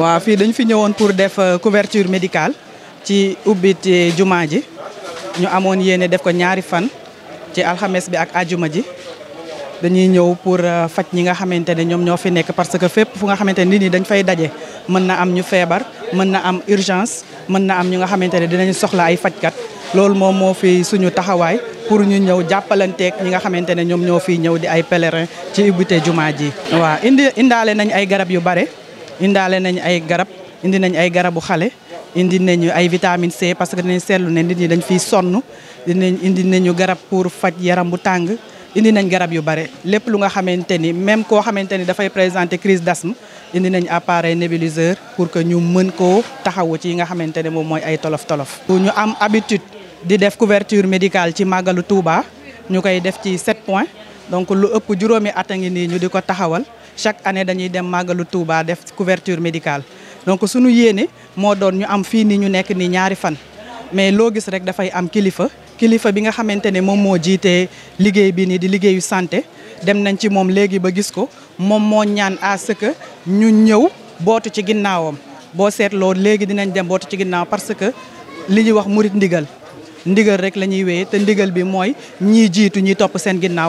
waaw fii dañu fi ñëwoon pour def euh, couverture médicale ci ubbite jumaa ji ñu amoon yéene def ko ñaari fan ci alxames bi ak ajuma ji dañuy ñëw pour euh, faj ñi nga xamante ne ñoom ñoo fi nekk parce que fépp fu nga xamante ne nit ñi dañ fay daje mën na am ñu feebar mën na am urgence mën na am ñu nga xamante ne dinañ soxla ay fajkat loolu moom moo fi suñu taxawaay pour ñu ñëw jàppalanteeg ñi nga xamante ne ñoom ñoo fiy ñëw di ay pèlerin ci ubbite jumaa ji waaw indaale nañ ay garab yu bare indaale nañ ay garab indi nañ ay garabu xale indi nañu ay vitamine C parce que dinañ seetlu ne nit ñi dañ fiy sonn dinañ indi nañu garab pour faj yaram bu tàng indi nañ garab yu bare lépp lu nga xamante ni même koo xamante ni dafay présenter crise d'asthme indi nañ appareil nébuliseur pour que ñu mën koo taxawu ci yi nga xamante ne moom mooy ay tolof tolof. ñu am habitude di def couverture médical ci màggalu Touba ñu koy def ci 7 points. donc lu ëpp juróomi at a ngi nii ñu di ko taxawal chaque année dañuy dem màggalu Touba def couverture médicale donc suñu yéene moo doon ñu am fii nii ñu nekk nii ñaari fan mais loo gis rek dafay am kilifa kilifa bi nga xamante ne moom moo jiitee liggéey bi nii di liggéeyu santé dem nañ ci moom léegi ba gis ko moom moo ñaan à ce ñu ñëw bootu ci ginnaawam boo seetloo léegi dinañ dem bootu ci ginnaaw parce que li ñuy wax murit ndigal ndigal rek la ñuy wéyee te ndigal bi mooy ñii jiitu ñi topp seen ginnaaw